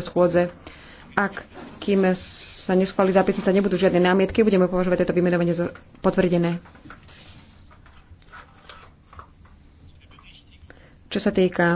schôdze. Ak kým sa neschváli zápisnica, nebudú žiadne námietky, budeme považovať toto vymenovanie za potvrdené. Čo sa týka